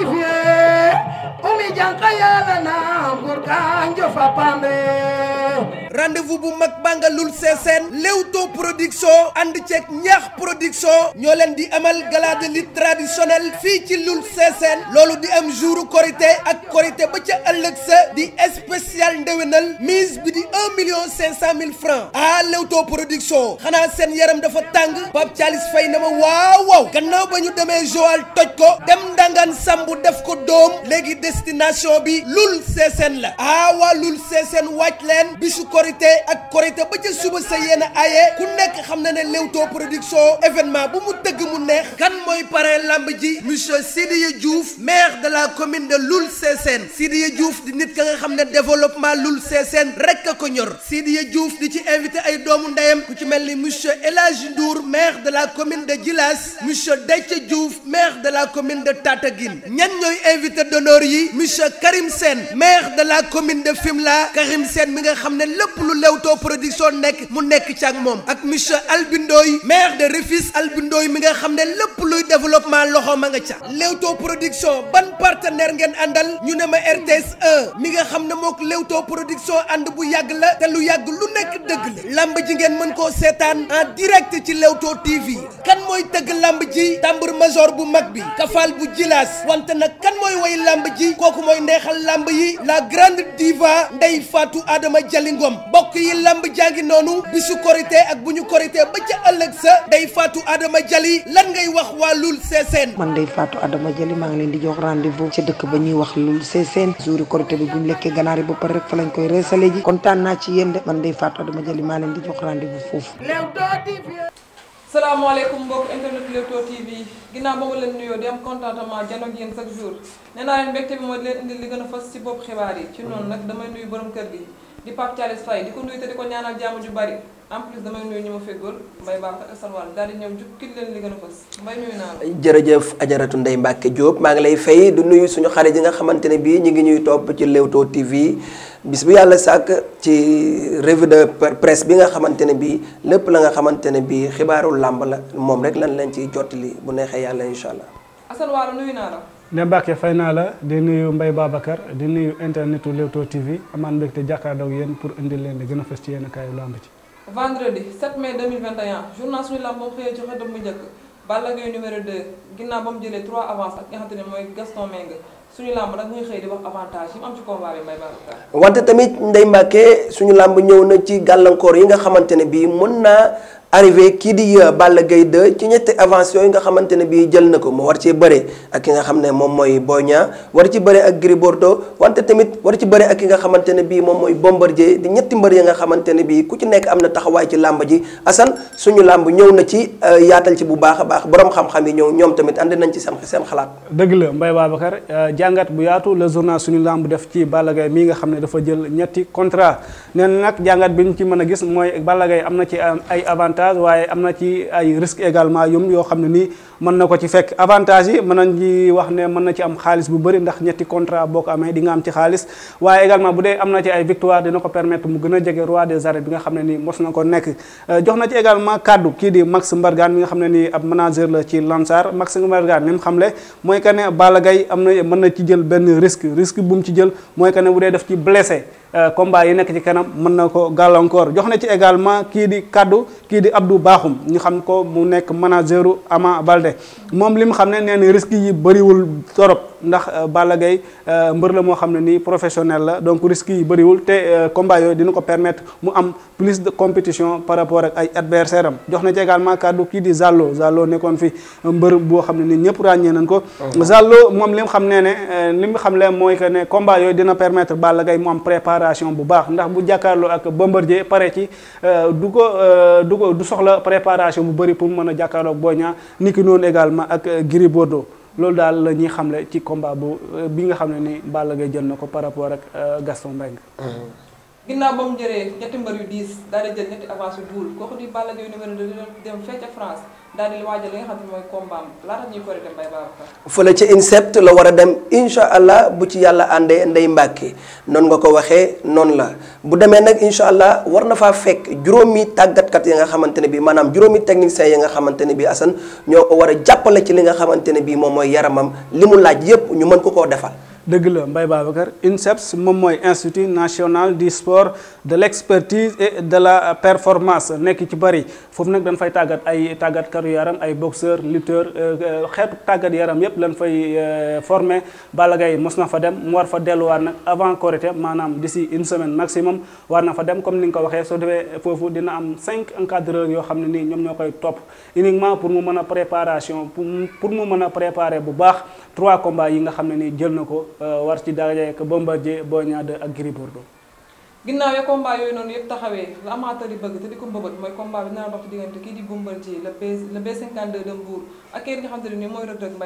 certifié umi janka yalana ngur kanjo fa pambe rendez-vous bu mag bàngalul seeseen Leewtoo production ànd ceeg ñaax production ñoo leen di amal gala de lutte traditionnelle fii ci lul seeseen loolu di am jouru korité ak korité ba ca ëllëg sa di spécial ndewenal mise bi di 1 million 500 mille francs ah Leewtoo production xanaa seen yaram dafa tàng Pape Thialis Faye na ma waaw waaw gannaaw ba ñu demee Joal toj ko dem ndangaan sambu def ko doom léegi destination bi lul seeseen la ah waa lul seeseen wàcc leen bisu ko korite ak korite ba ca suba sa yéen a aye ku nekk xam na ne Leewtoo production événement bu mu tëgg mu neex kan mooy parrain lamb ji monsieur Sidiya Diouf maire de la commune de Loul Sessène Sidiya Diouf di nit ka nga xam ne développement Loul Sessène rek a ko ñor Sidiya Diouf di ci invité ay doomu ndeyam ku ci mel ni monsieur El Hadj Ndour maire la commune de Djilas monsieur Déthié Diouf maire de la commune de Tataguine ñan ñooy invité d'honneur yi monsieur Karim Sène maire de la commune de lu Leewtoo production nekk mu nekk ci ak moom ak monsieur Albindooy maire de Rufisque Albindooy mi nga xam ne lépp luy développement loxo ma nga ca Leewtoo production ban partenaire ngeen àndal ñu ne ma RTS 1 mi nga xam ne mook Leewtoo production ànd bu yàgg la te lu yàgg lu nekk dëgg la lamb ji ngeen mën koo seetaan en direct ci Leewtoo TV kan mooy tëgg làmb ji tambour major bu mag bi kafal bu jilaas wante nag kan mooy way lamb ji kooku mooy neexal làmb yi la grande diva Ndeye Fatou Adama Jali Ngom mbokk yi lamb jàngi noonu bisu korité ak bu ñu korité ba ca ëllëg sa day faatu Adama Jali lan ngay wax waa Loul Sessène man day faatu Adama Jali maa ngi leen di jox rendez-vous ci dëkk ba ñuy wax Loul Sessène jouri korité bi bu ñu lekkee ganaar yi ba pare rek fa lañ koy reesale ji kontaan naa ci yéen de man day faatu Adama Jali maa leen di jox rendez-vous foofu salaamaaleykum mbokk internet Leewtoo TV ginnaaw ba ma leen nuyoo di am contentement jano ak yéen chaque jour nee naa leen bi mooy leen li gën a fas ci bopp xibaar yi ci noonu nag damay nuyu borom kër gi di Pape Thialis Faye di ko nuyu te di ko ñaanal jàmm ju bari en plus damay nuyu ñu ma feggool Mbaye Babacar ak Salwane daal ñëw jukkil leen li gën a fas Mbaye nuyu naa la. jërëjëf ajaratu Ndeye Mbacke Diop maa ngi lay fay du nuyu suñu xarit yi nga xamante ne bii ñu ngi ñuy topp ci Leewtoo TV. bis bu yàlla sàkk ci revue de presse bi nga xamante ne bii lépp la nga xamante ne bii xibaaru làmb la moom rek lan lañ ciy li bu neexee yàlla incha allah. Assane a nuyu naa la. ne Mbacke fay naa la di nuyu Mbaye Babacar di nuyu internetu Leewtoo TV amaan mbégte jàkkaarloog yéen pour indil leen di gën a fës ci yenn kaayu làmb ci. vendredi 7 mai 2021 journal suñu làmb boo xëyee ci xëtam bu njëkk Balla Gaye numéro 2 ginnaaw ba mu suñu làmb nag muy xëy di wax avantage yi mu wante tamit Ndeye Mbacke suñu làmb ñëw na ci gàllankoor yi nga xamante ne bii mën naa. arrivé kii di euh, Balla gay 2 ci ñetti avance yooyu nga xamante ne bii jël na ko mu war cee bëre ki nga xam ne moom mooy Boy Niang war ci bëre ak Gris Bordeaux wante tamit war ci bëre ak ki nga xamante ne bii moom mooy Bombardier di ñetti mbër ya nga xamante ne bii ku ci nekk am na taxawaay ci làmb ji Assane suñu làmb ñëw na ci euh, yaatal ci bu baax a baax borom xam-xam yi ñëw ñoom tamit andi nañ ci seen seen xalaat. dëgg la Mbaye Babacar euh, jàngat bu yaatu le journal suñu làmb def ci Balla Gaye mii nga xam ne dafa jël ñetti contrat nee nag jàngat bi ñu ci mën a gis mooy Balla Gaye am na ci ay avantage avantage waaye am na ci ay risques également yum yoo xam ne nii mën na ko ci fekk avantage yi mën nañ ci wax ne mën na ci am xaalis bu bëri ndax ñetti contrat boo ko amee di am ci xaalis waaye également bu dee am na ci ay victoire dina ko permettre mu gën a jege roi des arènes bi nga xam ne nii mos na ko nekk euh, jox na ci également kaddu kii di Max Mbargane mi nga xam ne nii ab manager la ci Lansar Max Mbargane li xam le mooy que ne Balla Gaye am na mën na ci jël benn risque risque bu mu ci jël mooy que ne bu dee def ci blessé euh, combat yi nekk ci kanam mën na ko gàllankoor jox na ci également kii di kaddu kii di Abdou Bakhoum ñu xam ko mu nekk manageru Ama Baldé Gueye moom li mu xam ne nee na risque yi bëriwul torop ndax euh, Balla Gaye euh, mbër la moo xam ne nii professionnel la donc risque yi bëriwul te euh, combat yooyu dina ko permettre mu am plus de compétition par rapport ak ay adversaire am jox na ci également kii di Zallo Zallo nekkoon fi mbër boo xam ne nii ñëpp ràññee nañ ko oh. Zallo moom li mu xam ne ne li mu xam le mooy que ne combat dina permettre Balla Gaye mu préparation bu baax ndax bu jàkkaarloo ak Bombardier pare ci du ko du du soxla préparation bu bëri pour mën a jàkkaarloo ak Boy Niang woon également ak euh, Gris Bordeaux loolu daal la ñuy xamle ci combat bu euh, bi nga xam ne ni Balla Gaye jël na ko par rapport ak euh, Gaston Mbengue. Mmh. ginnaaw ba mu jëlee ñetti mbër yu diis daal di jël ñetti avance yu buul kooku di Balla Gaye numéro 2 dem fee France. daal li nga xam ne mooy kombaam laata ñuy korite mbay Babacar. fële ca INSEPT la war a dem incha allah bu ci yàlla àndee ndey mbàkke noonu nga ko waxee noonu la bu demee nag incha allah war na faa fekk juróomi tàggatkat yi nga xamante ne bii maanaam juróomi technicien yi nga xamante ne bii Assane ñoo ko war a jàppale ci li nga xamante ne bii moom mooy yaramam li mu laaj yépp ñu mën ko koo defal. dëgg la Mbaye Babacar INSEPS moom mooy institut national du sport de l'expertise et de la performance nekk ci Paris foofu nag dañ fay tàggat ay tàggatkatu yaram ay boxeur lutteur euh, euh, xeetu tàggat yaram yépp lañ fay euh, former Balla Gaye mos na fa dem mu war fa delluwaat nag avant Korité maanaam d'ici une semaine maximum war na fa dem comme ni nga ko waxee soo defee foofu dina am cinq encadreurs yoo xam ne nii ñoom ñoo koy topp uniquement pour mu mën a préparation pour mu mën a préparer bu baax trois combats yi nga xam ne nii jël na ko Euh, war ci daje ak Bombardier Boy Niang 2 ak Gris Bordeaux. ginnaaw ya combat yooyu noonu yëpp taxawee la amateur yi bëgg te di ko mbëbët mooy combat bi dina di xamante ne mooy Reug Reug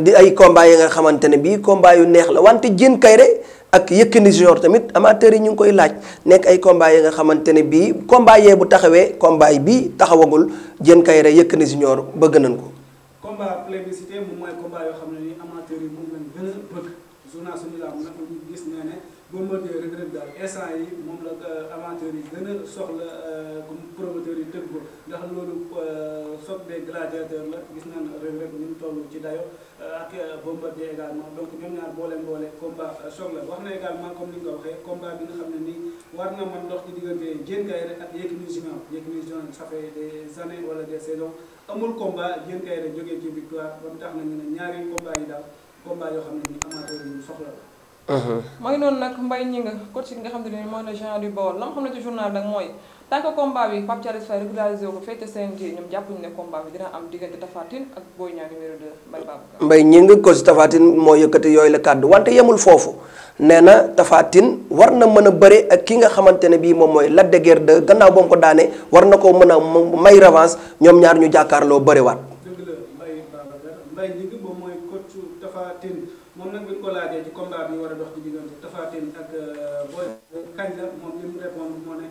di ay combat yi nga xamante ne bii combat yu neex la wante Diène Kaïré ak Yékini Junior tamit amateurs yi ñu ngi koy laaj nekk ay combat yi nga xamante ne bii combat yee bu taxawee combat bii taxawagul Diène Kaïré Yékini Junior bëgg nañ ko. combat plébiscité moom mooy combat yoo xam ne ni amateurs yi moom lañ gën naa suñu làmb nag ñu gis ne ne bombardier Reug Reug daal instant yi moom la euh, amateurs yi gën a soxla euh, promoteurs yi tëgg ko ndax loolu soog euh, des gladiateurs la gis naa Reug Reug ñu toll ci dayo ak bombardier également donc ñoom ñaar boole mboole combat soog la wax na également comme ni nga waxee combat bi nga xam ne nii war naa man ndox ci diggante Diène Kaïré ak Yékini Junior Yékini Junior ça fait des années wala des saisons amul combat jën Kaïré jógee ci victoire ba mu na ñu ne ñaari combat combat yoo xam ne uh-huh. nag mbay ñi nga coach nga xam te ne mooy le genre du Baol la nga xam mooy tant que combat bi Pape Thialis Faye régularisé ko féete CNG am diggante Tapha Tine ak Boy Niang numéro 2 Mbaye Babacar. mbay ñi nga coach Tapha moo yëkkati yooyu la kàddu wante yemul foofu. nee na Tapha war na mën a bëre ak ki nga xamante ne bii moom mooy Lac de gannaaw ba ko daanee war na koo mën a may revanche ñoom ñaar ñu jàkkaarloo bëriwaat. dëgg la Tapha Tine moom nag bi ñu ko laajee ci combat bi war a dox ci diggante Tapha Tine ak euh, Boy kañ la moom li mu répondre moo ne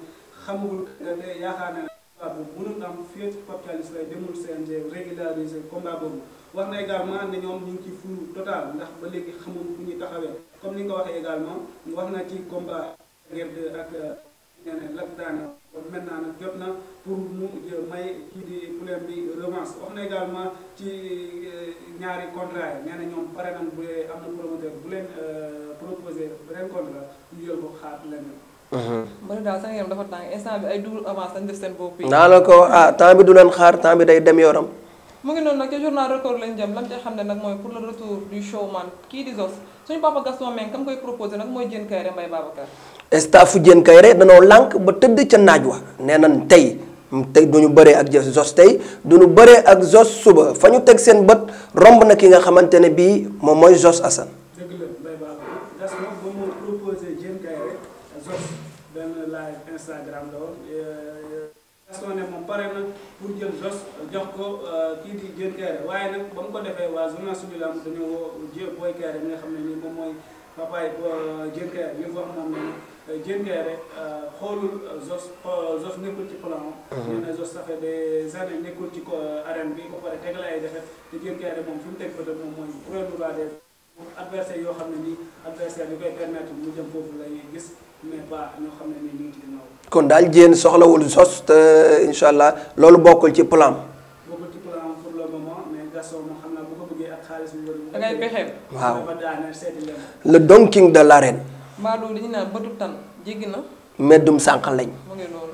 xamagul kañ euh, la yaakaar naa combat boobu fi am fii ak Pape Thialis lay demul CNG régulariser combat boobu wax na également ne ñoom ñu ci fu total ndax ba léegi xamul fu ñuy taxawee comme ni nga ko waxee également wax na ci combat guerre ak ñeneen euh, lak kon maintenant nag jot na pour mu may kii di problème bi revanche wax na également ci euh, ñaari contrat yi nee na ñoom pare bu dee am na promoteur bu leen euh, proposé beneen contrat ñu ko xaar daal seen yaram dafa tàng instant bi ay double avance lañ def seen bopp naa la ko ah temps du leen xaar temps bi day dem yoram. mu ngi noonu nag ca journal record lañ jëm lam ca xam ne nag mooy pour le retour du showman kii di Zos suñu papa Gaston Meng kam koy proposé nag mooy Diène Kaïré Mbaye Babacar. staffu Diène Kaïré danoo lànk ba tëdd ca naaj wa nee nañ tey tey du ñu bëree ak Zos tey duñu ñu ak Zos suba fa ñu teg seen bët romb na ki nga xamante ne bii moom mooy Zos Assane. Euh, euh, jox ko euh, kii di Diène Kaïré waaye nag ba mu ko defee waa journal suñu lamb dañoo woo Diène Boy Kaïré mi nga xam ne nii moom papaye jënkere li mu wax moom ne jënkere xoolul Zos Zos nekkul ci plan am. Mhm. nekkul ci euh, arène bi ba pare tegal ay defet te jënkere moom fi mu teg bëtam moom mooy kuréelu laa def adversaire yoo xam ne nii adversaire bi gis xam ne nii ñu ngi kon daal jéen soxlawul Zos te euh, incha allah loolu bokkul ci plan ngay waaw le Don King de l'arène. Madou li ñu naan bëtu tan jéggi na. meddum sànq lañ. mu ngi noonu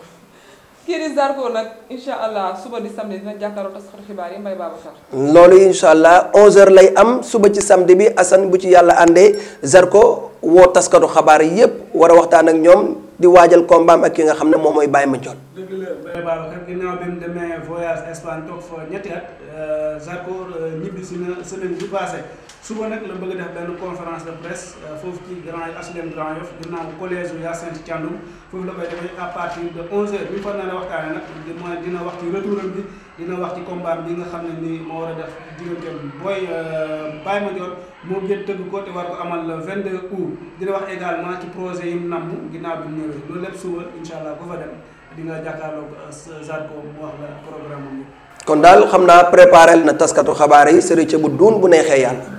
kii di Zarko nag incha allah suba di samedi dina jàkkaarloo taskatu xibaar yi Mbaye Babacar. loolu incha allah 11h lay am suba ci samedi bi Assane bu ci yàlla àndee Zarko woo taskatu xabaar yépp war a waxtaan ak ñoom di waajal kombaam ak ki nga xam ne moom mooy Baye Mandione. dëgg la Babacar ginnaaw bi mu demee voyage Espagne toog fa ñetti at euh, Zarco euh, ñibbi si na semaine bi passé suba nag la bëgg a def benn conférence de presse euh, foofu ci grand HLM Grand Yoff ginnaaw collège Hyacinthe Thiandoum foofu la koy defee à partir de 11h bi mu fa nar a waxtaanee nag di mooy dina wax ci retouram bi dina wax ci combat bi nga xam ne ni moo war a def diggante booy Baye Madior moo gën tëgg ko te war ko amal le 22 août dina wax également ci projet yi mu namm ginnaaw bi mu ñëwee loolu lépp suba incha allah ku fa dem. di nga jàkkaarloog euh, kon daal xam naa préparé na taskatu xabaar yi sëriñ bu duun bu neexee yàlla.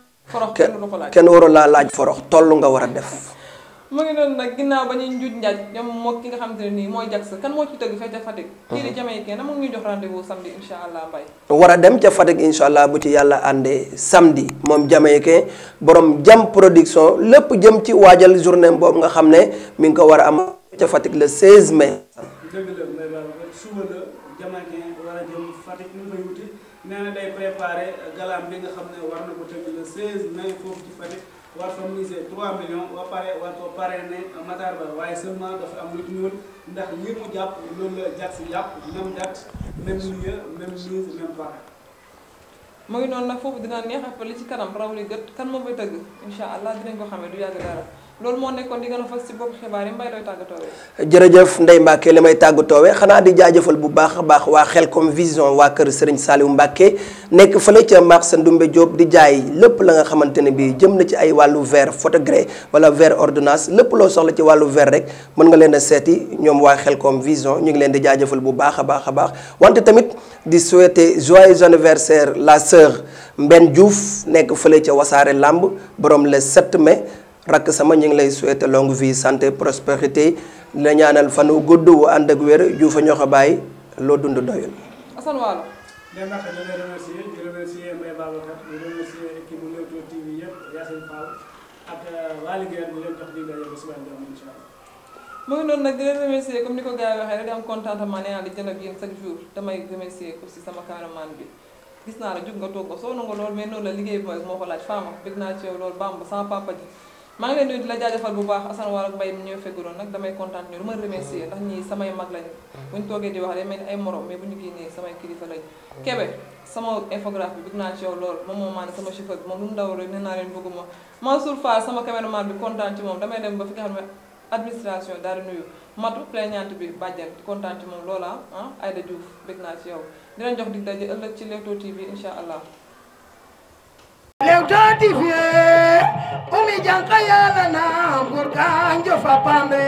kenn waroon laa laaj forox toll nga war a def mu ngi doon nag ginnaaw ba ñuy njuj njaaj ñoom moo ki nga xam te ne nii mooy Jax kan moo ci tëgg fee ca Fatick mm-hmm. kii di Jamaïcain na mu ngi jox rendez samedi insha allah mbay war a dem ca Fatick insha allah bu ci yàlla àndee samedi moom Jamaïcain boroom jam production lépp jëm ci waajal journée boobu nga xam ne mi ngi ko war a am ca Fatick le 16 mai la suba la nee na day préparé galaam bi nga xam ne war na ko tamit le 16 mai foofu ci Fatick war fa miser 3 millions ba pare war ko pare ne Matar Ba waaye seulement dafa am lu ci ñuul ndax lii jàpp loolu la jàpp si jàpp même date même lieu même mise mu ngi noonu nag foofu dina neex ak li ci kanam raw li gët kan moom bay tëgg incha allah dinañ ko xamee du yàgg dara. loolu moo nekkoon di gën a fas jërëjëf Ndeye Mbacke li may tàggatoowee xanaa di jaajëfal bu baax a baax waa xel Xelcom Vision waa kër Serigne Saliou Mbacke nekk fële ca sa Ndoumbe Diop di jaay lépp la nga xamante ne bii jëm na ci ay wàllu verre photogré wala verre ordonnance lépp loo soxla ci wàllu verre rek mën nga leen a seeti ñoom waa xel koom Vision ñu ngi leen di jaajëfal bu baax a baax a baax wante tamit di souhaiter joyeux anniversaire la sœur Mbène Diouf nekk fële ca Wasaare làmb borom le 7 mai. rakk sama ñu ngi lay souhaiter longue vie santé prospérité la ñaanal fan wu gudd wu ànd ak wér juufa ñoo ko bàyyi loo dund doyul. asalaamaaleykum. dem na xel di remercier di remercier Mbaye Babacar sama cameraman bi. gis naa la jug nga toog ko soo nangu lool mais noonu la moo ko laaj faama bëgg naa ci yow loolu bamb sama papa maa ngi leen nuyu di la jaajëfal bu baax Assane War ak Mbaye mi ñoo fegguloon nag damay kontaan ñu lu ma remercier ndax ñii samay mag lañu mm-hmm. buñ toogee di wax day mel ni ay morom mais bu ñu génnee samay kilifa lañu Kébé sama infographe bi naa ci yow moo maa ne sama chauffeur bi moom lu mu daw rek nee naa bi kontaan ci moom damay dem ba fi nga xam ne administration daal di nuyu matu plaignante bi bàjjan kontaan ci moom loola ah, ah Aïda Diouf bëgg naa ci yow dinañ jox dig daje ëllëg ci Leewtoo TV incha allah Leewtoo TV umi janka yala na ngurga njofa pambe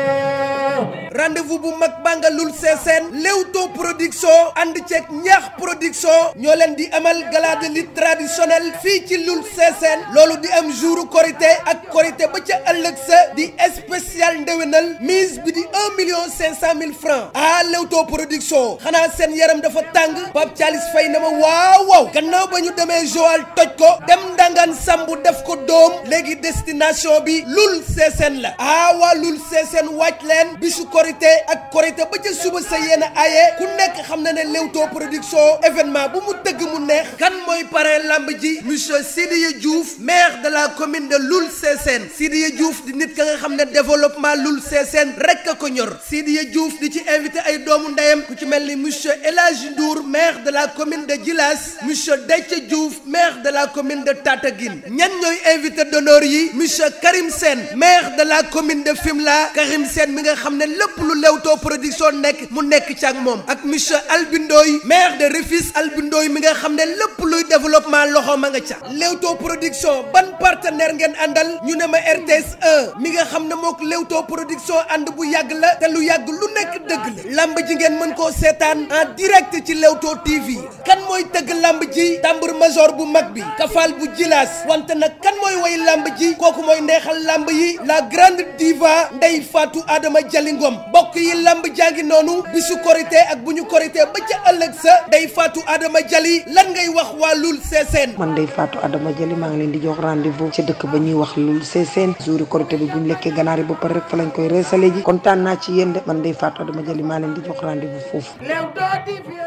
rendez-vous bu mag bàngalul seeseen Leewtoo production ànd ceeg ñaax production ñoo leen di amal gala de lutte traditionnelle fii ci lul seeseen loolu di am jouru korité ak korité ba ca ëllëg sa di spécial ndéwénal mise bi di un million cinq cent mille francs ah Leewtoo production xanaa seen yaram dafa tàng Pape Thialis Faye na ma waaw waaw gannaaw ba ñu demee Joal toj ko dem ndangaan sambu def ko doom léegi destination bi lul seeseen la ah waa lul seeseen wàcc leen bisu ko korite ak korite ba ca suba sa yéen a aye ku nekk xam na ne Leewtoo production événement bu mu tëgg mu neex kan mooy parrain lamb ji monsieur Sidiye Diouf maire de la commune de Loul Sessène Sidiye Diouf di nit ka nga xam ne développement Loul Sessène rek a ko ñor Sidiye Diouf di ci invité ay doomu ndeyam ku ci mel ni monsieur El Hadji Ndour maire de la commune de Djilas monsieur Déthié Diouf maire de la commune de Tataguine ñan ñooy invité d'honneur yi monsieur Karim Sène maire de la commune de lépp lu Leewtoo production nekk mu nekk ci ak moom ak monsieur Albindooy maire de Rufisque Albindooy mi nga xam ne lépp luy développement loxo ma nga ca Leewtoo production ban partenaire ngeen àndal ñu ne ma RTS 1 mi nga xam ne mook Leewtoo production ànd bu yàgg la te lu yàgg lu nekk dëgg la lamb ji ngeen mën koo seetaan en direct ci Leewtoo TV kan mooy tëgg làmb ji tambour major bu mag bi kafal bu jilaas wante nag kan mooy way làmb ji kooku mooy neexal làmb yi la grande diva Ndeye Fatou Adama Jali Ngom bokk yi lamb jàngi noonu bisu korité ak bu ñu korité ba ca ëllëg sa day faatu Adama Jali lan ngay wax waa Lul Sessène man day faatu Adama Jali maa ngi leen di jox rendez-vous ca dëkk ba ñuy wax Lul Sessène jouri korité bi bu ñu lekkee ganaar yi ba pare rek fa lañ koy reesale ji kontaan naa ci yéen de man day faatu Adama Jali maa leen di jox rendez-vous foofu